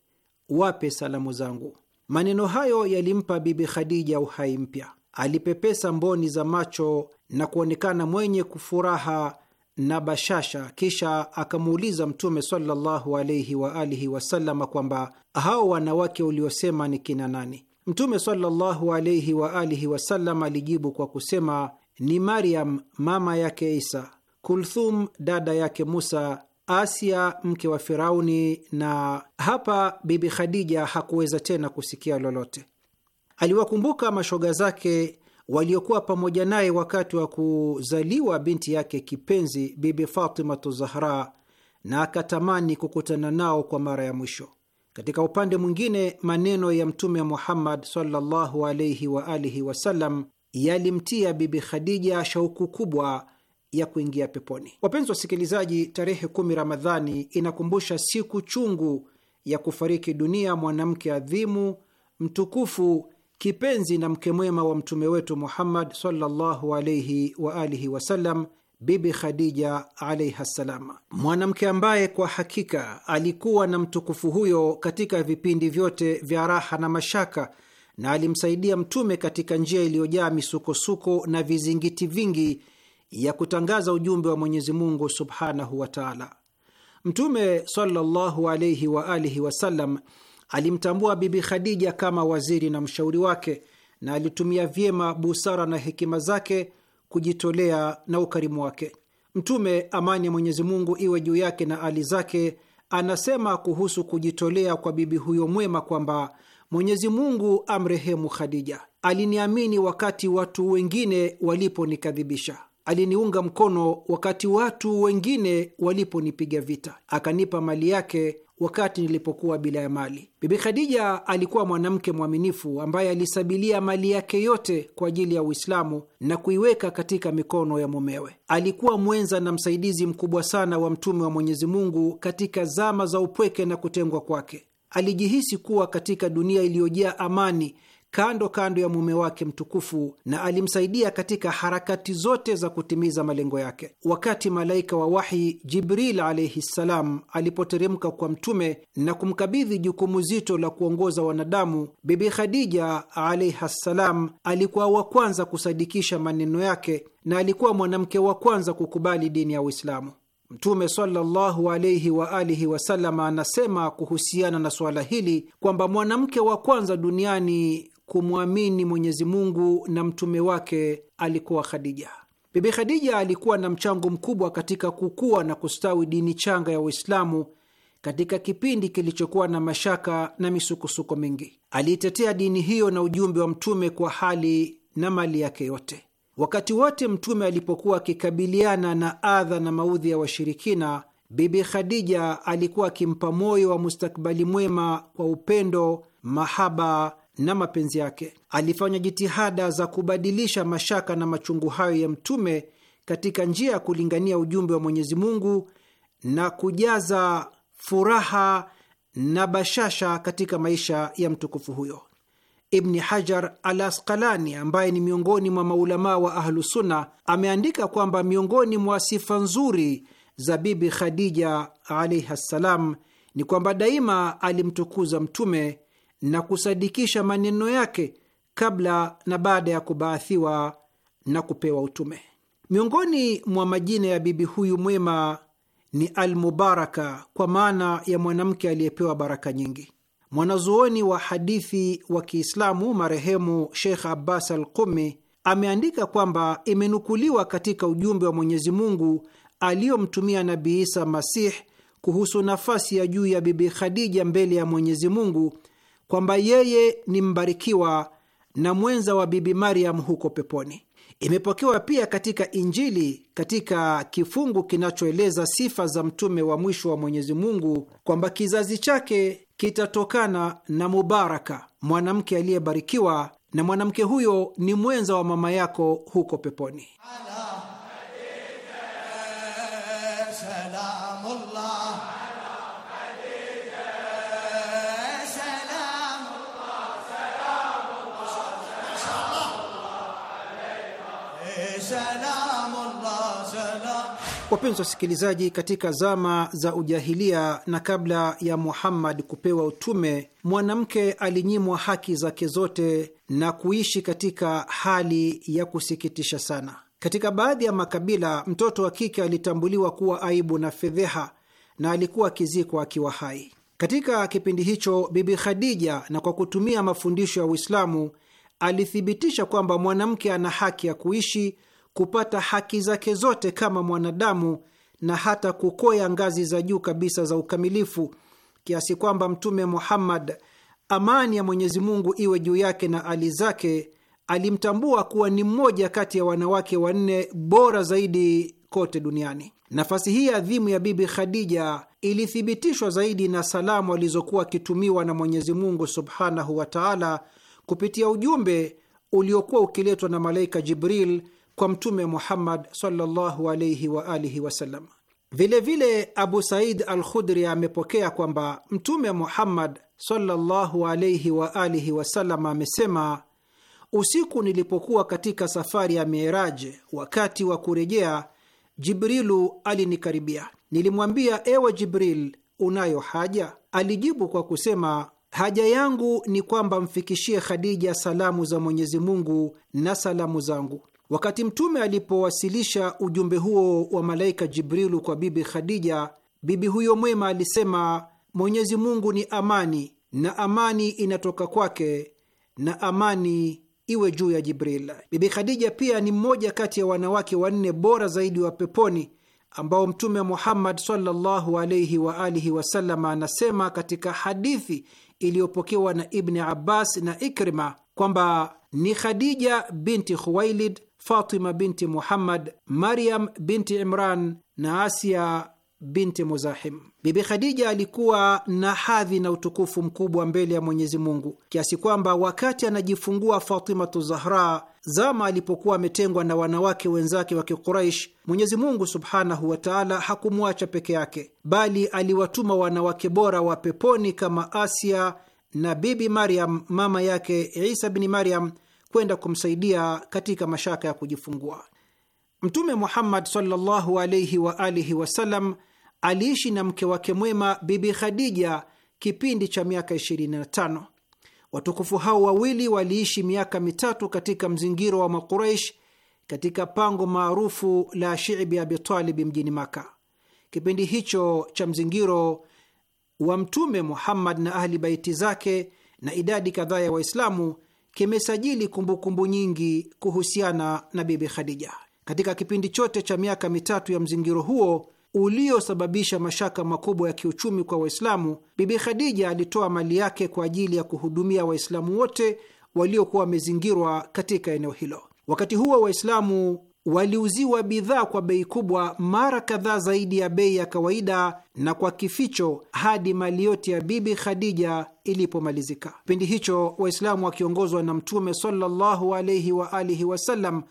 wape salamu zangu. Maneno hayo yalimpa Bibi Khadija uhai mpya. Alipepesa mboni za macho na kuonekana mwenye kufuraha na bashasha. Kisha akamuuliza Mtume sallallahu alaihi kwamba hao wanawake uliosema ni kina nani? Mtume sallallahu alaihi wa alihi wasallam alijibu kwa kusema ni Maryam mama yake Isa, Kulthum dada yake Musa, Asia mke wa Firauni. Na hapa Bibi Khadija hakuweza tena kusikia lolote. Aliwakumbuka mashoga zake waliokuwa pamoja naye wakati wa kuzaliwa binti yake kipenzi Bibi Fatimatu Zahra, na akatamani kukutana nao kwa mara ya mwisho. Katika upande mwingine, maneno ya Mtume Muhammad sallallahu alaihi wa alihi wasallam yalimtia Bibi Khadija shauku kubwa ya kuingia peponi. Wapenzi wasikilizaji, tarehe kumi Ramadhani inakumbusha siku chungu ya kufariki dunia mwanamke adhimu, mtukufu, kipenzi na mke mwema wa mtume wetu Muhammad sallallahu wa alihi wasallam Bibi Khadija alaiha ssalam, mwanamke ambaye kwa hakika alikuwa na mtukufu huyo katika vipindi vyote vya raha na mashaka, na alimsaidia Mtume katika njia iliyojaa misukosuko na vizingiti vingi ya kutangaza ujumbe wa Mwenyezi Mungu subhanahu wa taala. Mtume sallallahu alaihi wa alihi wasallam alimtambua Bibi Khadija kama waziri na mshauri wake, na alitumia vyema busara na hekima zake kujitolea na ukarimu wake. Mtume, amani ya Mwenyezi Mungu iwe juu yake na ali zake, anasema kuhusu kujitolea kwa bibi huyo mwema kwamba Mwenyezi Mungu amrehemu Khadija, aliniamini wakati watu wengine waliponikadhibisha, aliniunga mkono wakati watu wengine waliponipiga vita, akanipa mali yake wakati nilipokuwa bila ya mali. Bibi Khadija alikuwa mwanamke mwaminifu ambaye alisabilia mali yake yote kwa ajili ya Uislamu na kuiweka katika mikono ya mumewe. Alikuwa mwenza na msaidizi mkubwa sana wa Mtume wa Mwenyezi Mungu katika zama za upweke na kutengwa kwake. Alijihisi kuwa katika dunia iliyojaa amani kando kando ya mume wake mtukufu na alimsaidia katika harakati zote za kutimiza malengo yake. Wakati malaika wa wahi Jibril alaihi ssalam alipoteremka kwa Mtume na kumkabidhi jukumu zito la kuongoza wanadamu, Bibi Khadija alaiha ssalam alikuwa wa kwanza kusadikisha maneno yake na alikuwa mwanamke wa kwanza kukubali dini ya Uislamu. Mtume sallallahu wa alihi wasallam anasema kuhusiana na suala hili kwamba mwanamke wa kwanza duniani kumwamini Mwenyezi Mungu na mtume wake alikuwa Khadija. Bibi Khadija alikuwa na mchango mkubwa katika kukua na kustawi dini changa ya Uislamu katika kipindi kilichokuwa na mashaka na misukosuko mingi. Aliitetea dini hiyo na ujumbe wa mtume kwa hali na mali yake yote. Wakati wote mtume alipokuwa akikabiliana na adha na maudhi ya washirikina, Bibi Khadija alikuwa akimpa moyo wa mustakbali mwema kwa upendo, mahaba na mapenzi yake. Alifanya jitihada za kubadilisha mashaka na machungu hayo ya mtume katika njia ya kulingania ujumbe wa Mwenyezi Mungu na kujaza furaha na bashasha katika maisha ya mtukufu huyo. Ibni Hajar al Asqalani, ambaye ni miongoni mwa maulamaa wa Ahlusunna, ameandika kwamba miongoni mwa sifa nzuri za Bibi Khadija alaihi ssalam ni kwamba daima alimtukuza Mtume na kusadikisha maneno yake kabla na baada ya kubaathiwa na kupewa utume. Miongoni mwa majina ya bibi huyu mwema ni Almubaraka, kwa maana ya mwanamke aliyepewa baraka nyingi. Mwanazuoni wa hadithi wa Kiislamu marehemu Sheikh Abbas al Qumi ameandika kwamba imenukuliwa katika ujumbe wa Mwenyezi Mungu aliyomtumia Nabii Isa Masih kuhusu nafasi ya juu ya Bibi Khadija mbele ya Mwenyezi Mungu kwamba yeye ni mbarikiwa na mwenza wa Bibi Mariam huko peponi. Imepokewa pia katika Injili katika kifungu kinachoeleza sifa za mtume wa mwisho wa Mwenyezi Mungu kwamba kizazi chake kitatokana na mubaraka, mwanamke aliyebarikiwa, na mwanamke huyo ni mwenza wa mama yako huko peponi Ala. Wapenzi wasikilizaji, katika zama za ujahilia na kabla ya Muhammad kupewa utume, mwanamke alinyimwa haki zake zote na kuishi katika hali ya kusikitisha sana. Katika baadhi ya makabila, mtoto wa kike alitambuliwa kuwa aibu na fedheha na alikuwa akizikwa akiwa hai. Katika kipindi hicho, Bibi Khadija, na kwa kutumia mafundisho ya Uislamu, alithibitisha kwamba mwanamke ana haki ya kuishi kupata haki zake zote kama mwanadamu na hata kukoya ngazi za juu kabisa za ukamilifu, kiasi kwamba Mtume Muhammad, amani ya Mwenyezi Mungu iwe juu yake na ali zake, alimtambua kuwa ni mmoja kati ya wanawake wanne bora zaidi kote duniani. Nafasi hii adhimu ya Bibi Khadija ilithibitishwa zaidi na salamu alizokuwa akitumiwa na Mwenyezi Mungu subhanahu wa taala kupitia ujumbe uliokuwa ukiletwa na malaika Jibril kwa Mtume Muhammad sallallahu wa alihi wasallam. Vilevile Abu Said al Khudri amepokea kwamba Mtume Muhammad sallallahu wa alihi wasallam amesema, usiku nilipokuwa katika safari ya Miraji, wakati wa kurejea, Jibrilu alinikaribia. Nilimwambia, ewe Jibril, unayo haja? Alijibu kwa kusema Haja yangu ni kwamba mfikishie Khadija salamu za Mwenyezi Mungu na salamu zangu. Wakati Mtume alipowasilisha ujumbe huo wa malaika Jibrilu kwa Bibi Khadija, bibi huyo mwema alisema, Mwenyezi Mungu ni amani, na amani inatoka kwake, na amani iwe juu ya Jibril. Bibi Khadija pia ni mmoja kati ya wanawake wanne bora zaidi wa peponi ambao Mtume Muhammad sallallahu wa alihi wasallam anasema katika hadithi iliyopokewa na Ibni Abbas na Ikrima kwamba ni Khadija binti Khuwailid Fatima binti Muhammad, Maryam binti Imran na Asia binti Muzahim. Bibi Khadija alikuwa na hadhi na utukufu mkubwa mbele ya Mwenyezi Mungu kiasi kwamba wakati anajifungua Fatimatu Zahra, zama alipokuwa ametengwa na wanawake wenzake wa Kiquraish, Mwenyezi Mungu subhanahu wa taala hakumwacha peke yake, bali aliwatuma wanawake bora wa peponi kama Asia na Bibi Maryam mama yake Isa bni Maryam kwenda kumsaidia katika mashaka ya kujifungua. Mtume Muhammad sallallahu alaihi wa alihi wasallam aliishi na mke wake mwema Bibi Khadija kipindi cha miaka 25. Watukufu hao wawili waliishi miaka mitatu katika mzingiro wa Makuraish katika pango maarufu la Shibi Abitalibi mjini Maka. Kipindi hicho cha mzingiro wa Mtume Muhammad na Ahli Baiti zake na idadi kadhaa ya Waislamu kimesajili kumbukumbu nyingi kuhusiana na Bibi Khadija. Katika kipindi chote cha miaka mitatu ya mzingiro huo uliosababisha mashaka makubwa ya kiuchumi kwa Waislamu, Bibi Khadija alitoa mali yake kwa ajili ya kuhudumia Waislamu wote waliokuwa wamezingirwa katika eneo hilo. Wakati huo Waislamu waliuziwa bidhaa kwa bei kubwa mara kadhaa zaidi ya bei ya kawaida na kwa kificho hadi mali yote ya Bibi Khadija ilipomalizika. Kipindi hicho Waislamu wakiongozwa na Mtume sallallahu alaihi wa alihi wasallam,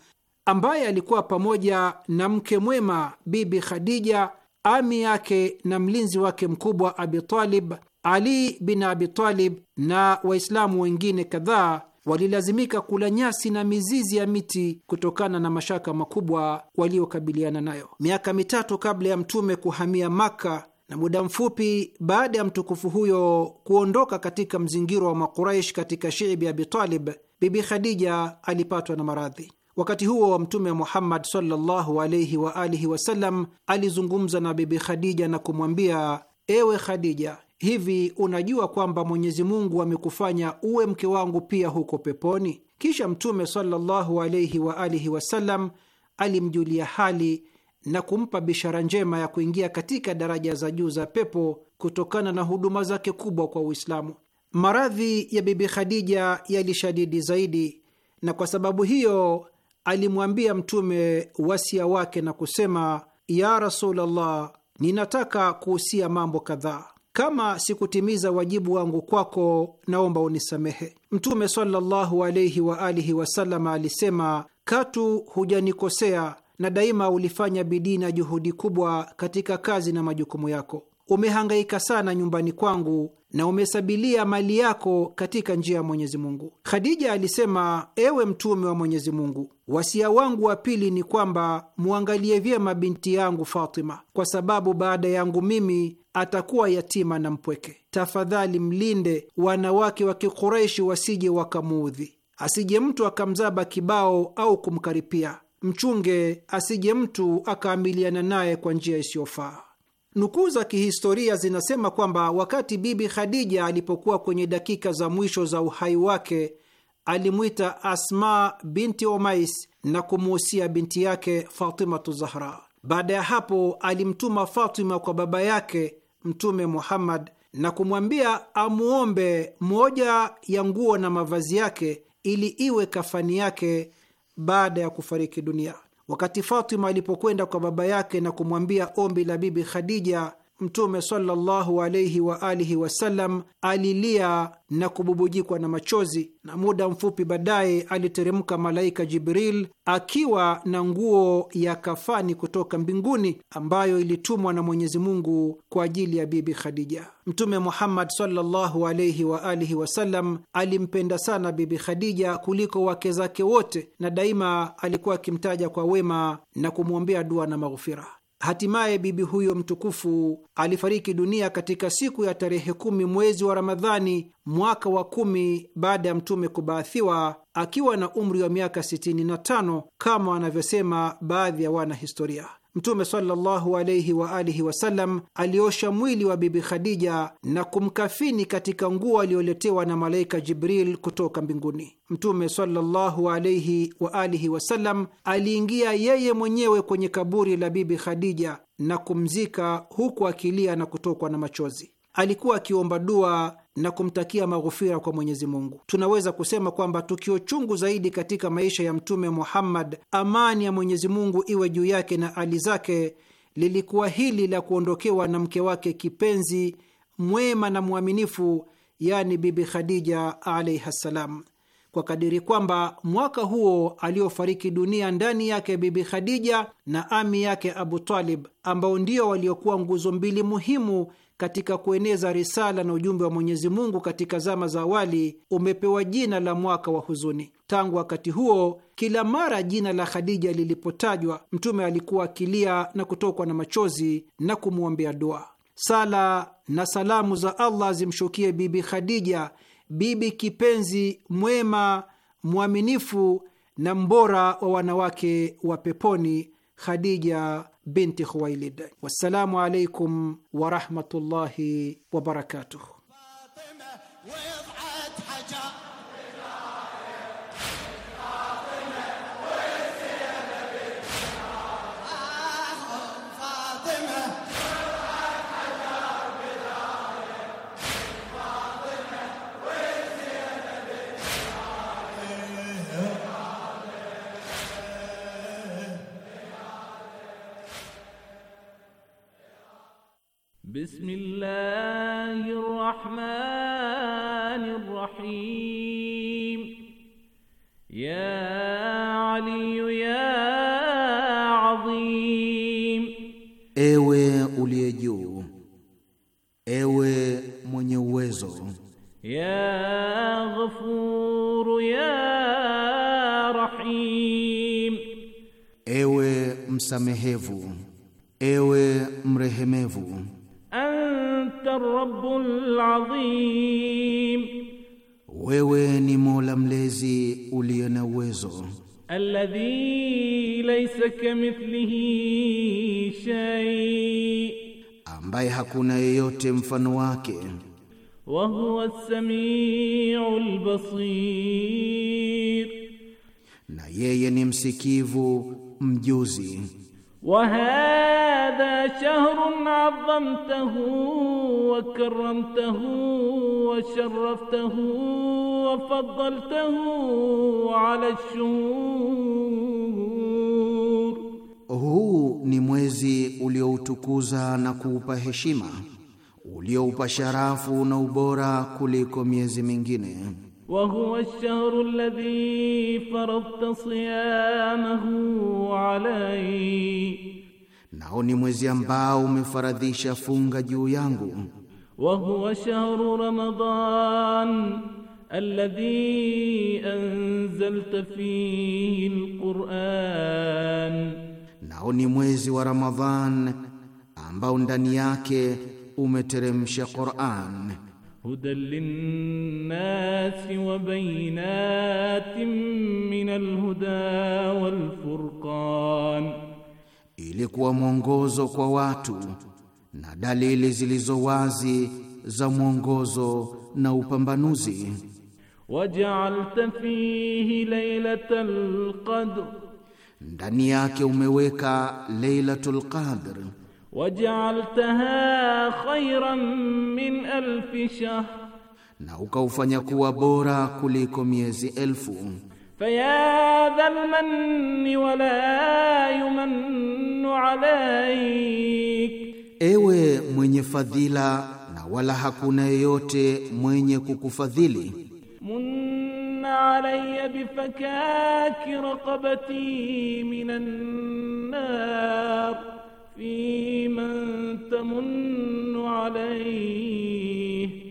ambaye alikuwa pamoja na mke mwema Bibi Khadija, ami yake na mlinzi wake mkubwa Abitalib, Ali bin Abitalib na Waislamu wengine kadhaa walilazimika kula nyasi na mizizi ya miti kutokana na mashaka makubwa waliokabiliana nayo. Miaka mitatu kabla ya Mtume kuhamia Maka na muda mfupi baada ya mtukufu huyo kuondoka katika mzingiro wa Makuraish katika Shiibi Abitalib, Bibi Khadija alipatwa na maradhi. Wakati huo wa Mtume Muhammad sallallahu alaihi wa alihi wasallam alizungumza na Bibi Khadija na kumwambia, ewe Khadija, hivi unajua kwamba Mwenyezi Mungu amekufanya uwe mke wangu pia huko peponi? Kisha Mtume sallallahu alaihi wa alihi wasallam alimjulia hali na kumpa bishara njema ya kuingia katika daraja za juu za pepo kutokana na huduma zake kubwa kwa Uislamu. Maradhi ya Bibi Khadija yalishadidi zaidi, na kwa sababu hiyo alimwambia Mtume wasia wake na kusema, ya Rasulullah, ninataka kuhusia mambo kadhaa kama sikutimiza wajibu wangu kwako, naomba unisamehe. Mtume sallallahu alaihi wa alihi alisema, katu hujanikosea na daima ulifanya bidii na juhudi kubwa katika kazi na majukumu yako. Umehangaika sana nyumbani kwangu na umesabilia mali yako katika njia ya Mwenyezi Mungu. Khadija alisema, ewe mtume wa Mwenyezi Mungu, wasia wangu wa pili ni kwamba mwangalie vyema binti yangu Fatima, kwa sababu baada yangu mimi atakuwa yatima na mpweke. Tafadhali mlinde wanawake wa Kikureishi wasije wakamuudhi, asije mtu akamzaba kibao au kumkaripia. Mchunge asije mtu akaamiliana naye kwa njia isiyofaa. Nukuu za kihistoria zinasema kwamba wakati Bibi Khadija alipokuwa kwenye dakika za mwisho za uhai wake alimwita Asma binti Omais na kumuhusia binti yake Fatimatu Zahra. Baada ya hapo, alimtuma Fatima kwa baba yake Mtume Muhammad na kumwambia amuombe moja ya nguo na mavazi yake ili iwe kafani yake baada ya kufariki dunia. Wakati Fatima alipokwenda kwa baba yake na kumwambia ombi la Bibi Khadija Mtume sallallahu alaihi wa alihi wasallam alilia na kububujikwa na machozi, na muda mfupi baadaye aliteremka malaika Jibril akiwa na nguo ya kafani kutoka mbinguni ambayo ilitumwa na Mwenyezi Mungu kwa ajili ya Bibi Khadija. Mtume Muhammad sallallahu alaihi wa alihi wasallam alimpenda sana Bibi Khadija kuliko wake zake wote, na daima alikuwa akimtaja kwa wema na kumwombea dua na maghufira. Hatimaye bibi huyo mtukufu alifariki dunia katika siku ya tarehe kumi mwezi wa Ramadhani mwaka wa kumi baada ya mtume kubaathiwa akiwa na umri wa miaka 65 kama wanavyosema baadhi ya wanahistoria. Mtume sallallahu wa alihi wasallam aliosha mwili wa Bibi Khadija na kumkafini katika nguo aliyoletewa na malaika Jibril kutoka mbinguni. Mtume sallallahu wa alihi wasallam aliingia yeye mwenyewe kwenye kaburi la Bibi Khadija na kumzika huku akilia na kutokwa na machozi. Alikuwa akiomba dua na kumtakia maghufira kwa Mwenyezi Mungu. Tunaweza kusema kwamba tukio chungu zaidi katika maisha ya Mtume Muhammad, amani ya Mwenyezi Mungu iwe juu yake na ali zake, lilikuwa hili la kuondokewa na mke wake kipenzi mwema na mwaminifu, yani Bibi Khadija alaihi ssalam, kwa kadiri kwamba mwaka huo aliofariki dunia ndani yake Bibi Khadija na ami yake Abu Talib, ambao ndio waliokuwa nguzo mbili muhimu katika kueneza risala na ujumbe wa Mwenyezi Mungu katika zama za awali umepewa jina la mwaka wa huzuni. Tangu wakati huo, kila mara jina la Khadija lilipotajwa, Mtume alikuwa akilia na kutokwa na machozi na kumwombea dua. Sala na salamu za Allah zimshukie Bibi Khadija, bibi kipenzi, mwema, mwaminifu na mbora wa wanawake wa peponi, Khadija بنت خويلد والسلام عليكم ورحمة الله وبركاته بسم الله الرحمن الرحيم يا علي يا عظيم ewe uliye juu ewe mwenye uwezo ya ghafuru ya rahim ewe msamehevu ewe mrehemevu anta rabbul azim, wewe ni Mola mlezi uliye na uwezo. Alladhi laysa kamithlihi shay, ambaye hakuna yeyote mfano wake. Wa huwa as-sami'ul basir, na yeye ni msikivu mjuzi. وهذا شهر عظمته وكرمته وشرفته وفضلته على الشهور huu ni mwezi ulioutukuza na kuupa heshima, ulioupa sharafu na ubora kuliko miezi mingine وهو الشهر الذي فرضت صيامه علي nao ni mwezi ambao umefaradhisha funga juu yangu وهو شهر رمضان الذي أنزلت فيه القرآن nao ni mwezi wa Ramadhan ambao ndani yake umeteremsha Qur'an هدى للناس وبينات من الهدى والفرقان ili kuwa mwongozo kwa watu na dalili zilizo wazi za mwongozo na upambanuzi. Waja'alta fihi laylatal qadr, ndani yake umeweka laylatul qadr wajaltaha khairan min alf shahr, na ukaufanya kuwa bora kuliko miezi elfu. Faya dhal manni wala yumannu ewe mwenye fadhila na wala hakuna yeyote mwenye kukufadhili. Munna alayya bifakaki raqabati minan nar في من تمن عليه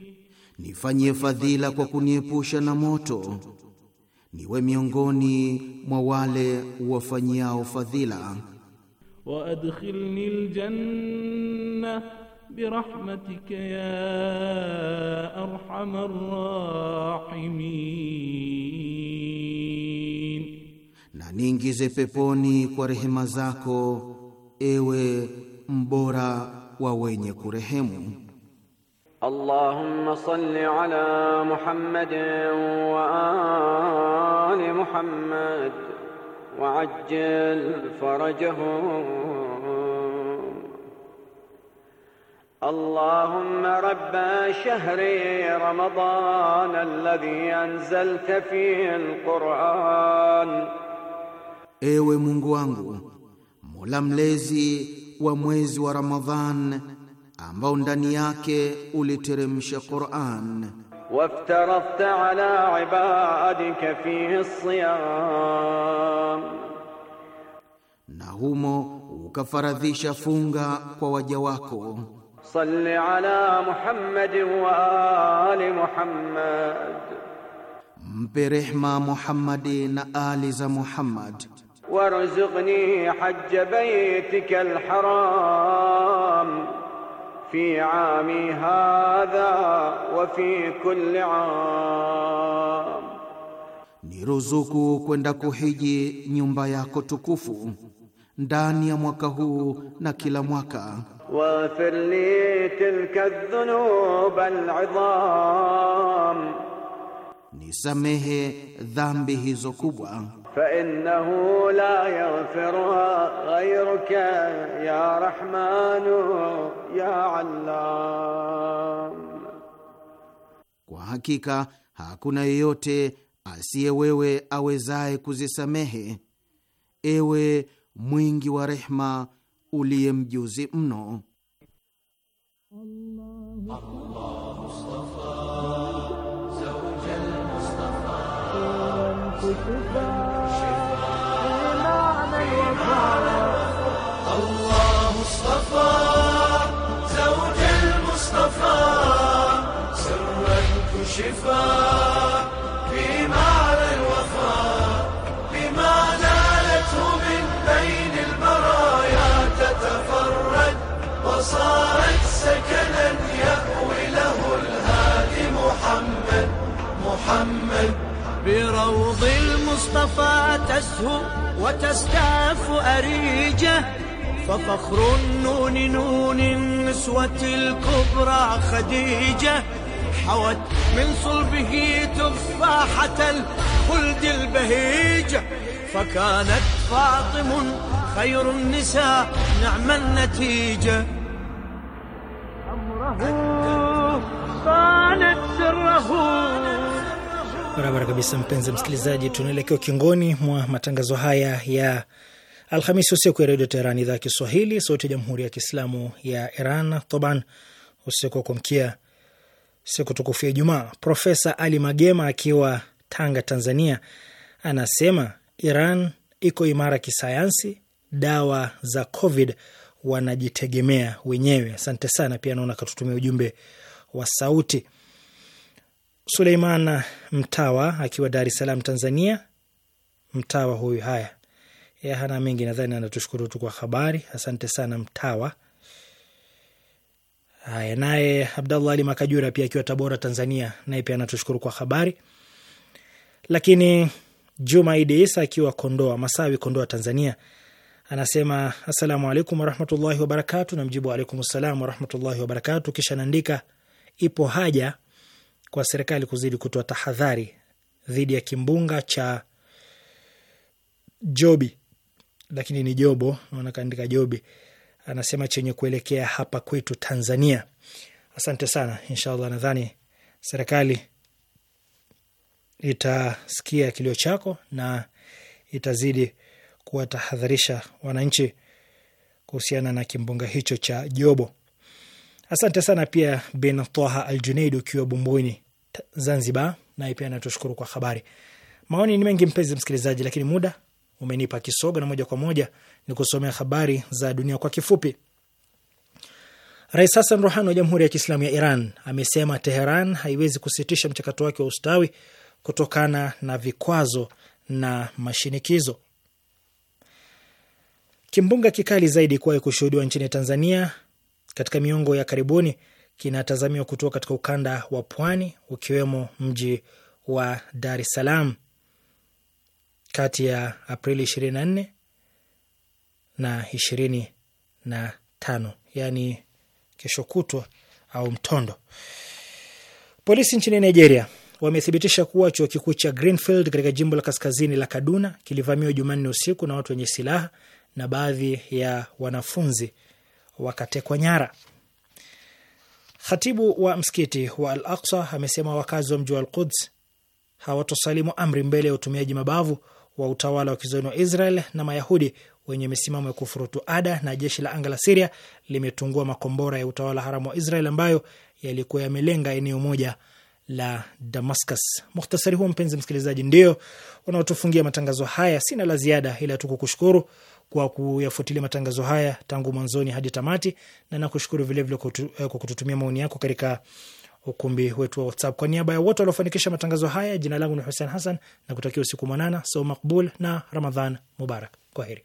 nifanyie fadhila kwa kuniepusha na moto, niwe miongoni mwa wale wafanyiao fadhila. Wa adkhilni aljanna birahmatika ya arhamar rahimin, na niingize peponi kwa rehema zako ewe mbora wa wenye kurehemu. اللهم صل على محمد وآل محمد وعجل فرجهم اللهم رب شهر رمضان الذي أنزلت فيه القرآن إيوه مungu wangu Mola mlezi wa mwezi wa Ramadhan ambao ndani yake uliteremsha Qur'an. waftarafta ala ibadika fi siyam, na humo ukafaradhisha funga kwa waja wako. salli ala Muhammad wa ali Muhammad, mpe rehma Muhammadi na ali za Muhammad. وارزقني حج بيتك الحرام في عامي هذا وفي كل عام نرزقك kwenda kuhiji nyumba yako tukufu ndani ya mwaka huu na kila mwaka. Waghfir li tilka dhunub al'idham, nisamehe dhambi hizo kubwa فإنه لا يغفرها غيرك يا رحمن يا علام Kwa hakika hakuna yeyote asiye wewe awezaye kuzisamehe, ewe mwingi wa rehma uliye mjuzi mno. Allah, Allah Mustafa, المصطفى زوج المصطفى سرا كشفا بمعنى الوفاء بما نالته من بين البرايا تتفرد وصارت سكنا يأوي له الهادي محمد محمد بروض المصطفى تسهو وتستاف أريجه ففخر النون نون النسوة الكبرى خديجة حوت من صلبه تفاحة الخلد البهيجة فكانت فاطم خير النساء نعم النتيجة أمره خانت سره Barabara kabisa, mpenzi msikilizaji, tunaelekea ukingoni mwa matangazo haya ya Alhamisi usiku ya Redio Teheran, idhaa ya Kiswahili, sauti ya Jamhuri ya Kiislamu ya Iran. Toban usiku wa kumkia siku tukufu ya Ijumaa. Profesa Ali Magema akiwa Tanga, Tanzania, anasema Iran iko imara kisayansi, dawa za Covid wanajitegemea wenyewe. Asante sana. Pia naona katutumia ujumbe wa sauti. Suleiman Mtawa akiwa Dar es Salaam, Tanzania. Mtawa huyu haya ya hana mengi, nadhani anatushukuru tu kwa habari. Asante sana Mtawa. Haya, naye Abdallah Ali Makajura pia akiwa Tabora, Tanzania, naye pia anatushukuru kwa habari. Lakini Juma Idi Isa akiwa Kondoa Masawi, Kondoa, Tanzania, anasema assalamu alaikum warahmatullahi wabarakatu. Namjibu alaikum salam warahmatullahi wabarakatu. Kisha naandika ipo haja kwa serikali kuzidi kutoa tahadhari dhidi ya kimbunga cha Jobi lakini ni Jobo, naona kaandika Jobi, anasema chenye kuelekea hapa kwetu Tanzania. Asante sana, inshallah nadhani serikali itasikia kilio chako na itazidi kuwatahadharisha wananchi kuhusiana na kimbunga hicho cha Jobo. Asante sana pia bin Taha al Junaid ukiwa Bumbwini, Zanzibar, naye pia anatushukuru kwa habari. Maoni ni mengi mpenzi msikilizaji, lakini muda umenipa kisogo, na moja kwa moja ni kusomea habari za dunia kwa kifupi. Rais Hassan Rouhani wa Jamhuri ya Kiislamu ya Iran amesema Teheran haiwezi kusitisha mchakato wake wa ustawi kutokana na vikwazo na mashinikizo. Kimbunga kikali zaidi kuwahi kushuhudiwa nchini Tanzania katika miongo ya karibuni kinatazamiwa kutoka katika ukanda wa pwani ukiwemo mji wa Dar es Salaam kati ya Aprili 24 na 25, yani kesho kutwa au mtondo. Polisi nchini Nigeria wamethibitisha kuwa chuo kikuu cha Greenfield katika jimbo la kaskazini la Kaduna kilivamiwa Jumanne usiku na watu wenye silaha na baadhi ya wanafunzi wakatekwa nyara. Khatibu wa msikiti wa Al Aksa amesema wakazi wa mji wa Al Quds hawatosalimu amri mbele ya utumiaji mabavu wa utawala wa kizoni wa Israel na Mayahudi wenye misimamo ya kufurutu ada, na jeshi la anga la Siria limetungua makombora ya utawala haramu wa Israel ambayo yalikuwa yamelenga eneo moja la Damascus. Muhtasari huo mpenzi msikilizaji, ndio unaotufungia matangazo haya. Sina la ziada ila tu kukushukuru kwa kuyafuatilia matangazo haya tangu mwanzoni hadi tamati, na nakushukuru vilevile eh, kwa kututumia maoni yako katika ukumbi wetu wa WhatsApp. Kwa niaba ya wote waliofanikisha matangazo haya, jina langu ni Hussein Hassan na kutakia usiku mwanana, sau makbul na Ramadhan Mubarak. Kwa heri.